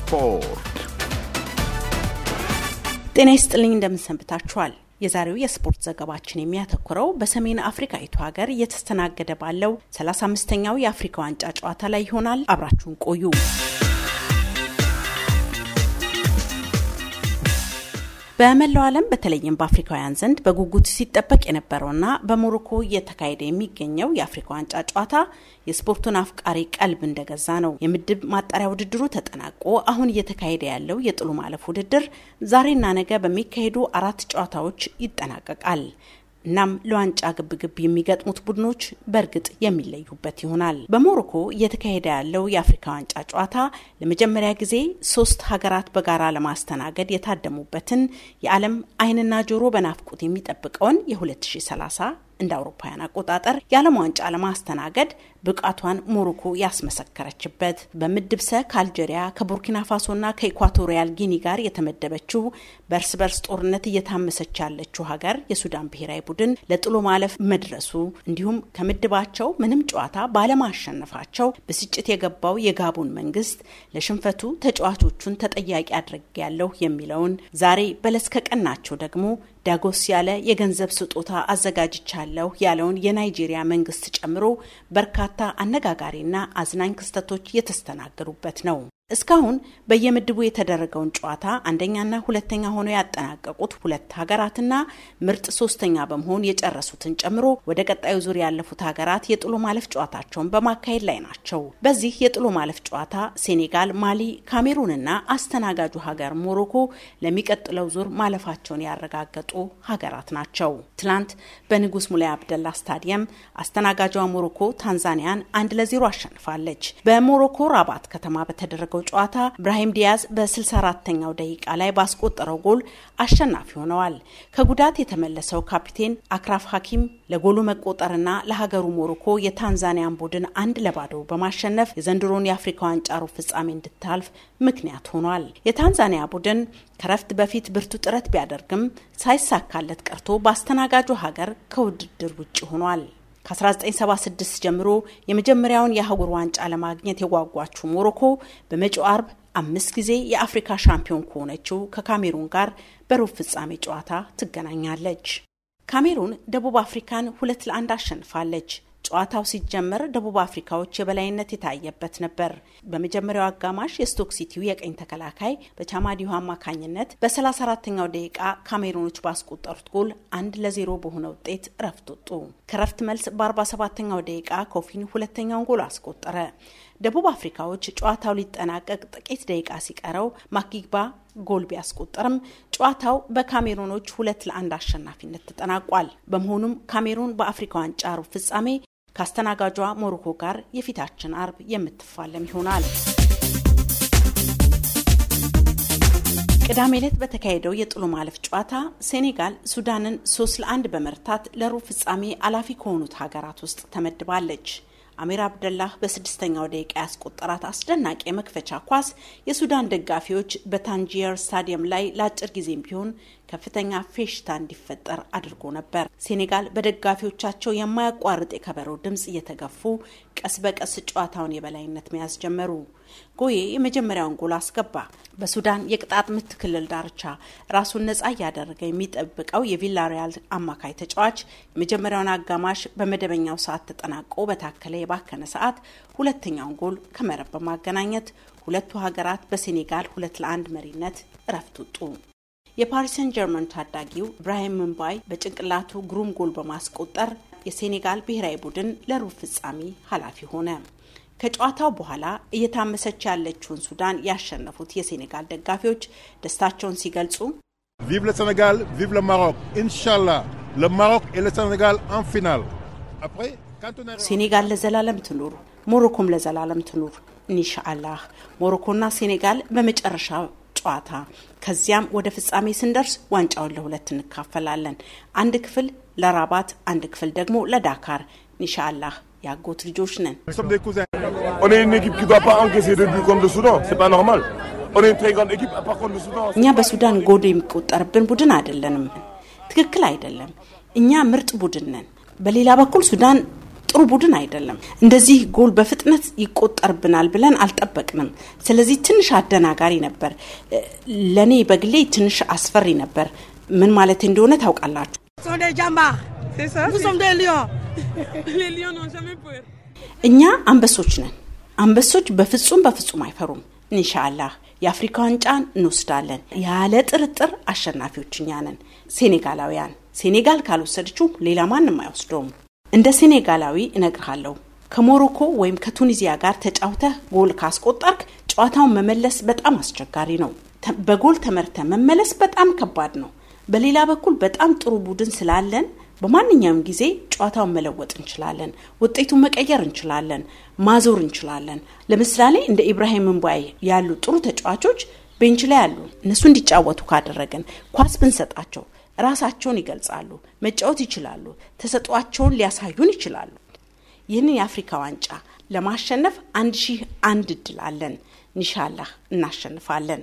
ስፖርት። ጤና ይስጥልኝ፣ እንደምንሰንብታችኋል። የዛሬው የስፖርት ዘገባችን የሚያተኩረው በሰሜን አፍሪካዊቱ ሀገር እየተስተናገደ ባለው 35ኛው የአፍሪካ ዋንጫ ጨዋታ ላይ ይሆናል። አብራችሁን ቆዩ። በመላው ዓለም በተለይም በአፍሪካውያን ዘንድ በጉጉት ሲጠበቅ የነበረውና በሞሮኮ እየተካሄደ የሚገኘው የአፍሪካ ዋንጫ ጨዋታ የስፖርቱን አፍቃሪ ቀልብ እንደገዛ ነው። የምድብ ማጣሪያ ውድድሩ ተጠናቆ አሁን እየተካሄደ ያለው የጥሎ ማለፍ ውድድር ዛሬና ነገ በሚካሄዱ አራት ጨዋታዎች ይጠናቀቃል። እናም ለዋንጫ ግብግብ የሚገጥሙት ቡድኖች በእርግጥ የሚለዩበት ይሆናል። በሞሮኮ እየተካሄደ ያለው የአፍሪካ ዋንጫ ጨዋታ ለመጀመሪያ ጊዜ ሶስት ሀገራት በጋራ ለማስተናገድ የታደሙበትን የዓለም ዓይንና ጆሮ በናፍቆት የሚጠብቀውን የ2030 እንደ አውሮፓውያን አቆጣጠር የዓለም ዋንጫ ለማስተናገድ ብቃቷን ሞሮኮ ያስመሰከረችበት በምድብ ሰ ከአልጄሪያ ከቡርኪና ፋሶና ከኢኳቶሪያል ጊኒ ጋር የተመደበችው በእርስ በርስ ጦርነት እየታመሰች ያለችው ሀገር የሱዳን ብሔራዊ ቡድን ለጥሎ ማለፍ መድረሱ እንዲሁም ከምድባቸው ምንም ጨዋታ ባለማሸነፋቸው ብስጭት የገባው የጋቡን መንግስት ለሽንፈቱ ተጫዋቾቹን ተጠያቂ ያለሁ የሚለውን ዛሬ በለስ ከቀናቸው ደግሞ ዳጎስ ያለ የገንዘብ ስጦታ አዘጋጅቻለሁ ያለውን የናይጄሪያ መንግስት ጨምሮ በርካታ አነጋጋሪና አዝናኝ ክስተቶች የተስተናገዱበት ነው። እስካሁን በየምድቡ የተደረገውን ጨዋታ አንደኛና ሁለተኛ ሆነው ያጠናቀቁት ሁለት ሀገራትና ምርጥ ሶስተኛ በመሆን የጨረሱትን ጨምሮ ወደ ቀጣዩ ዙር ያለፉት ሀገራት የጥሎ ማለፍ ጨዋታቸውን በማካሄድ ላይ ናቸው። በዚህ የጥሎ ማለፍ ጨዋታ ሴኔጋል፣ ማሊ፣ ካሜሩንና አስተናጋጁ ሀገር ሞሮኮ ለሚቀጥለው ዙር ማለፋቸውን ያረጋገጡ ሀገራት ናቸው። ትላንት በንጉስ ሙላይ አብደላ ስታዲየም አስተናጋጇ ሞሮኮ ታንዛኒያን አንድ ለዜሮ አሸንፋለች። በሞሮኮ ራባት ከተማ በተደረገው ባደረገው ጨዋታ ብራሂም ዲያዝ በ64ተኛው ደቂቃ ላይ ባስቆጠረው ጎል አሸናፊ ሆነዋል። ከጉዳት የተመለሰው ካፒቴን አክራፍ ሐኪም ለጎሉ መቆጠርና ለሀገሩ ሞሮኮ የታንዛኒያን ቡድን አንድ ለባዶ በማሸነፍ የዘንድሮን የአፍሪካ ዋንጫ ሩብ ፍጻሜ እንድታልፍ ምክንያት ሆኗል። የታንዛኒያ ቡድን ከረፍት በፊት ብርቱ ጥረት ቢያደርግም ሳይሳካለት ቀርቶ በአስተናጋጁ ሀገር ከውድድር ውጭ ሆኗል። ከ1976 ጀምሮ የመጀመሪያውን የአህጉር ዋንጫ ለማግኘት የጓጓችው ሞሮኮ በመጪው አርብ አምስት ጊዜ የአፍሪካ ሻምፒዮን ከሆነችው ከካሜሩን ጋር በሩብ ፍጻሜ ጨዋታ ትገናኛለች። ካሜሩን ደቡብ አፍሪካን ሁለት ለአንድ አሸንፋለች። ጨዋታው ሲጀመር ደቡብ አፍሪካዎች የበላይነት የታየበት ነበር። በመጀመሪያው አጋማሽ የስቶክ ሲቲው የቀኝ ተከላካይ በቻማዲሁ አማካኝነት በ34ኛው ደቂቃ ካሜሩኖች ባስቆጠሩት ጎል አንድ ለዜሮ በሆነ ውጤት እረፍት ወጡ። ከረፍት መልስ በ47ኛው ደቂቃ ኮፊን ሁለተኛውን ጎል አስቆጠረ። ደቡብ አፍሪካዎች ጨዋታው ሊጠናቀቅ ጥቂት ደቂቃ ሲቀረው ማኪግባ ጎል ቢያስቆጠርም ጨዋታው በካሜሮኖች ሁለት ለአንድ አሸናፊነት ተጠናቋል። በመሆኑም ካሜሩን በአፍሪካ ዋንጫ ሩብ ፍጻሜ ከአስተናጋጇ ሞሮኮ ጋር የፊታችን አርብ የምትፋለም ይሆናል። ቅዳሜ ዕለት በተካሄደው የጥሎ ማለፍ ጨዋታ ሴኔጋል ሱዳንን ሶስት ለአንድ በመርታት ለሩብ ፍጻሜ አላፊ ከሆኑት ሀገራት ውስጥ ተመድባለች። አሚር አብደላህ በስድስተኛው ደቂቃ ያስቆጠራት አስደናቂ የመክፈቻ ኳስ የሱዳን ደጋፊዎች በታንጂየር ስታዲየም ላይ ለአጭር ጊዜም ቢሆን ከፍተኛ ፌሽታ እንዲፈጠር አድርጎ ነበር። ሴኔጋል በደጋፊዎቻቸው የማያቋርጥ የከበሮ ድምፅ እየተገፉ ቀስ በቀስ ጨዋታውን የበላይነት መያዝ ጀመሩ። ጎዬ የመጀመሪያውን ጎል አስገባ። በሱዳን የቅጣት ምት ክልል ዳርቻ ራሱን ነጻ እያደረገ የሚጠብቀው የቪላሪያል አማካይ ተጫዋች የመጀመሪያውን አጋማሽ በመደበኛው ሰዓት ተጠናቆ በታከለ የባከነ ሰዓት ሁለተኛውን ጎል ከመረብ በማገናኘት ሁለቱ ሀገራት በሴኔጋል ሁለት ለአንድ መሪነት እረፍት የፓሪሰን ጀርመን ታዳጊው ብራሂም ምንባይ በጭንቅላቱ ግሩም ጎል በማስቆጠር የሴኔጋል ብሔራዊ ቡድን ለሩብ ፍጻሜ ኃላፊ ሆነ። ከጨዋታው በኋላ እየታመሰች ያለችውን ሱዳን ያሸነፉት የሴኔጋል ደጋፊዎች ደስታቸውን ሲገልጹ ቪቭ ለሴኔጋል ቪቭ ለማሮክ ኢንሻላ ለማሮክ ለሴኔጋል አንፊናል ሴኔጋል ለዘላለም ትኑር፣ ሞሮኮም ለዘላለም ትኑር። ኢንሻአላህ ሞሮኮና ሴኔጋል በመጨረሻ ጨዋታ ከዚያም ወደ ፍጻሜ ስንደርስ ዋንጫውን ለሁለት እንካፈላለን። አንድ ክፍል ለራባት አንድ ክፍል ደግሞ ለዳካር። ኢንሻአላህ ያጎት ልጆች ነን። እኛ በሱዳን ጎዶ የሚቆጠርብን ቡድን አይደለንም። ትክክል አይደለም። እኛ ምርጥ ቡድን ነን። በሌላ በኩል ሱዳን ጥሩ ቡድን አይደለም። እንደዚህ ጎል በፍጥነት ይቆጠርብናል ብለን አልጠበቅንም። ስለዚህ ትንሽ አደናጋሪ ነበር። ለእኔ በግሌ ትንሽ አስፈሪ ነበር። ምን ማለት እንደሆነ ታውቃላችሁ። sont des jambards. C'est ça Nous sommes des lions. Les lions n'ont jamais peur. እኛ አንበሶች ነን። አንበሶች በፍጹም በፍጹም አይፈሩም። ኢንሻአላህ የአፍሪካ ዋንጫን እንወስዳለን። ያለ ጥርጥር አሸናፊዎች እኛ ነን። ሴኔጋላውያን ሴኔጋል ካልወሰደችው ሌላ ማንም አይወስደውም። እንደ ሴኔጋላዊ እነግርሃለሁ። ከሞሮኮ ወይም ከቱኒዚያ ጋር ተጫውተህ ጎል ካስቆጠርክ ጨዋታውን መመለስ በጣም አስቸጋሪ ነው። በጎል ተመርተ መመለስ በጣም ከባድ ነው። በሌላ በኩል በጣም ጥሩ ቡድን ስላለን በማንኛውም ጊዜ ጨዋታውን መለወጥ እንችላለን። ውጤቱን መቀየር እንችላለን። ማዞር እንችላለን። ለምሳሌ እንደ ኢብራሂም እንቧይ ያሉ ጥሩ ተጫዋቾች ቤንች ላይ ያሉ እነሱ እንዲጫወቱ ካደረግን ኳስ ብንሰጣቸው ራሳቸውን ይገልጻሉ፣ መጫወት ይችላሉ፣ ተሰጧቸውን ሊያሳዩን ይችላሉ። ይህንን የአፍሪካ ዋንጫ ለማሸነፍ አንድ ሺህ አንድ እድል አለን። ኢንሻላህ እናሸንፋለን።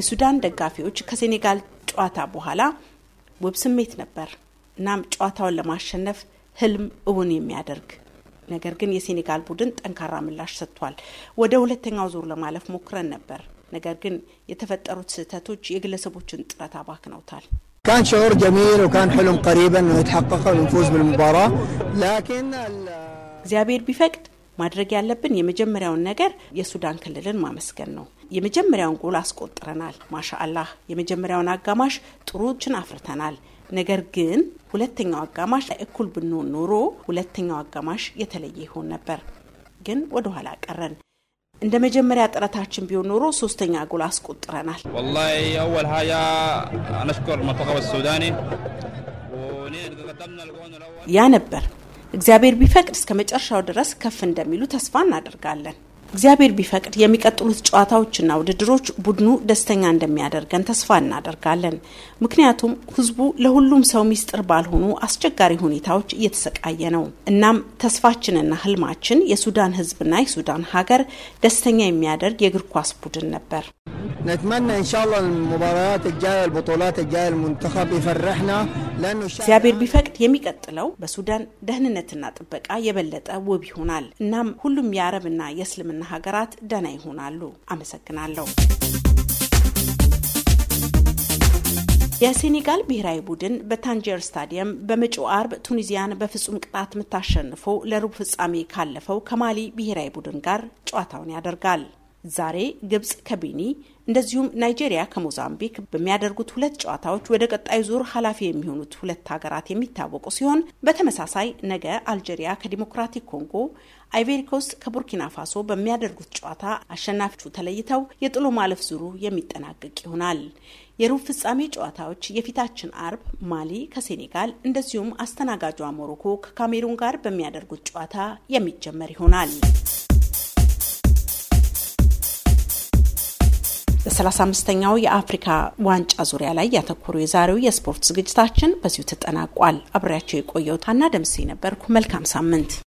የሱዳን ደጋፊዎች ከሴኔጋል ጨዋታ በኋላ ውብ ስሜት ነበር። እናም ጨዋታውን ለማሸነፍ ህልም እውን የሚያደርግ ነገር ግን የሴኔጋል ቡድን ጠንካራ ምላሽ ሰጥቷል። ወደ ሁለተኛው ዙር ለማለፍ ሞክረን ነበር። ነገር ግን የተፈጠሩት ስህተቶች የግለሰቦችን ጥረት አባክነውታል። كان شعور جميل وكان حلم قريبا انه يتحقق ونفوز بالمباراه لكن እግዚአብሔር ቢፈቅድ ማድረግ ያለብን የመጀመሪያውን ነገር የሱዳን ክልልን ማመስገን ነው። የመጀመሪያውን ጎል አስቆጥረናል። ማሻአላህ የመጀመሪያውን አጋማሽ ጥሩችን አፍርተናል። ነገር ግን ሁለተኛው አጋማሽ እኩል ብንሆን ኖሮ ሁለተኛው አጋማሽ የተለየ ይሆን ነበር። ግን ወደ ኋላ ቀረን። እንደ መጀመሪያ ጥረታችን ቢሆን ኖሮ ሶስተኛ ጎል አስቆጥረናል። ያ ነበር እግዚአብሔር ቢፈቅድ እስከ መጨረሻው ድረስ ከፍ እንደሚሉ ተስፋ እናደርጋለን። እግዚአብሔር ቢፈቅድ የሚቀጥሉት ጨዋታዎችና ውድድሮች ቡድኑ ደስተኛ እንደሚያደርገን ተስፋ እናደርጋለን። ምክንያቱም ህዝቡ ለሁሉም ሰው ሚስጥር ባልሆኑ አስቸጋሪ ሁኔታዎች እየተሰቃየ ነው። እናም ተስፋችንና ህልማችን የሱዳን ህዝብና የሱዳን ሀገር ደስተኛ የሚያደርግ የእግር ኳስ ቡድን ነበር። እግዚአብሔር ቢፈቅድ የሚቀጥለው በሱዳን ደህንነትና ጥበቃ የበለጠ ውብ ይሆናል። እናም ሁሉም የአረብና የእስልምና ሀገራት ደና ይሆናሉ። አመሰግናለሁ። የሴኔጋል ብሔራዊ ቡድን በታንጀር ስታዲየም በመጪው አርብ ቱኒዚያን በፍጹም ቅጣት የምታሸንፈው ለሩብ ፍጻሜ ካለፈው ከማሊ ብሔራዊ ቡድን ጋር ጨዋታውን ያደርጋል። ዛሬ ግብጽ ከቢኒ እንደዚሁም ናይጄሪያ ከሞዛምቢክ በሚያደርጉት ሁለት ጨዋታዎች ወደ ቀጣዩ ዙር ኃላፊ የሚሆኑት ሁለት ሀገራት የሚታወቁ ሲሆን በተመሳሳይ ነገ አልጄሪያ ከዲሞክራቲክ ኮንጎ፣ አይቬሪኮስ ከቡርኪና ፋሶ በሚያደርጉት ጨዋታ አሸናፊዎቹ ተለይተው የጥሎ ማለፍ ዙሩ የሚጠናቀቅ ይሆናል። የሩብ ፍጻሜ ጨዋታዎች የፊታችን አርብ ማሊ ከሴኔጋል እንደዚሁም አስተናጋጇ ሞሮኮ ከካሜሩን ጋር በሚያደርጉት ጨዋታ የሚጀመር ይሆናል። በ35ኛው የአፍሪካ ዋንጫ ዙሪያ ላይ ያተኮሩ የዛሬው የስፖርት ዝግጅታችን በዚሁ ተጠናቋል። አብሬያቸው የቆየሁት አና ደምሴ ነበርኩ። መልካም ሳምንት።